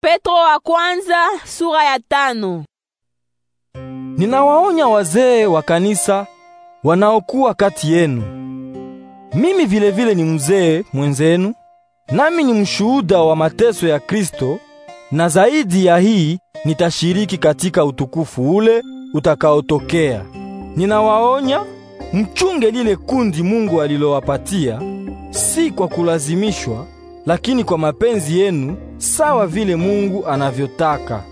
Petro wa kwanza sura ya tano. Ninawaonya wazee wa kanisa wanaokuwa kati yenu. Mimi vile vile ni mzee mwenzenu, nami ni mshuhuda wa mateso ya Kristo, na zaidi ya hii nitashiriki katika utukufu ule utakaotokea. Ninawaonya mchunge lile kundi Mungu alilowapatia, si kwa kulazimishwa lakini kwa mapenzi yenu sawa vile Mungu anavyotaka.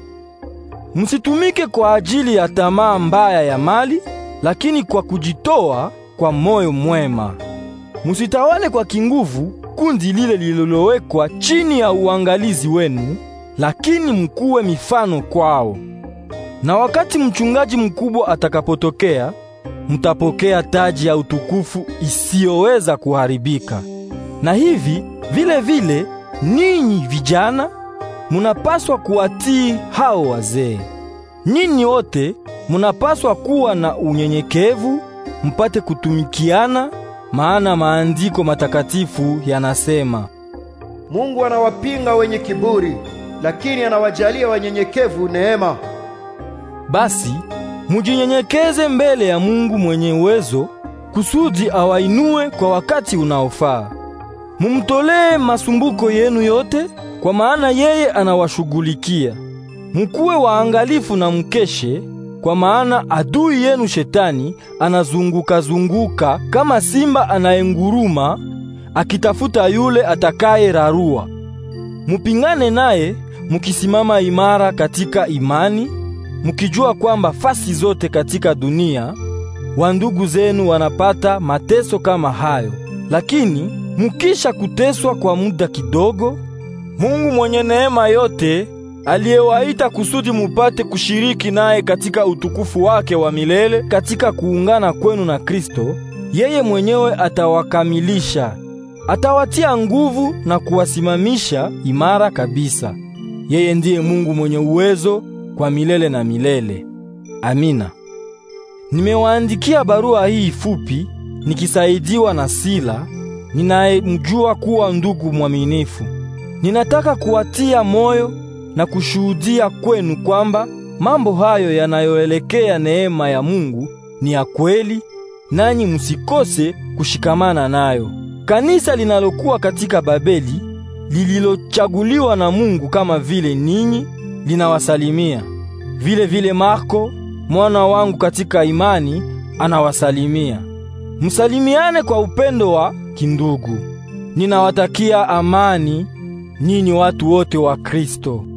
Msitumike kwa ajili ya tamaa mbaya ya mali, lakini kwa kujitoa kwa moyo mwema. Musitawale kwa kinguvu kundi lile lililowekwa chini ya uangalizi wenu, lakini mkuwe mifano kwao. Na wakati mchungaji mkubwa atakapotokea, mtapokea taji ya utukufu isiyoweza kuharibika. Na hivi vile vile ninyi vijana munapaswa kuwatii hao wazee. Nyinyi wote munapaswa kuwa na unyenyekevu mpate kutumikiana, maana maandiko matakatifu yanasema, Mungu anawapinga wenye kiburi, lakini anawajalia wanyenyekevu neema. Basi mujinyenyekeze mbele ya Mungu mwenye uwezo kusudi awainue kwa wakati unaofaa mumtolee masumbuko yenu yote, kwa maana yeye anawashughulikia. Mkuwe waangalifu na mkeshe, kwa maana adui yenu shetani anazunguka-zunguka kama simba anayenguruma akitafuta yule atakaye rarua. Mupingane naye mukisimama imara katika imani, mukijua kwamba fasi zote katika dunia wandugu zenu wanapata mateso kama hayo, lakini Mukisha kuteswa kwa muda kidogo, Mungu mwenye neema yote aliyewaita kusudi mupate kushiriki naye katika utukufu wake wa milele katika kuungana kwenu na Kristo, yeye mwenyewe atawakamilisha, atawatia nguvu na kuwasimamisha imara kabisa. Yeye ndiye Mungu mwenye uwezo kwa milele na milele. Amina. Nimewaandikia barua hii fupi nikisaidiwa na Sila ninayemjua kuwa ndugu mwaminifu. Ninataka kuwatia moyo na kushuhudia kwenu kwamba mambo hayo yanayoelekea neema ya Mungu ni ya kweli, nanyi msikose kushikamana nayo. Kanisa linalokuwa katika Babeli lililochaguliwa na Mungu kama vile ninyi linawasalimia. Vile vile Marko mwana wangu katika imani anawasalimia. Msalimiane kwa upendo wa kindugu. Ninawatakia amani nyinyi watu wote wa Kristo.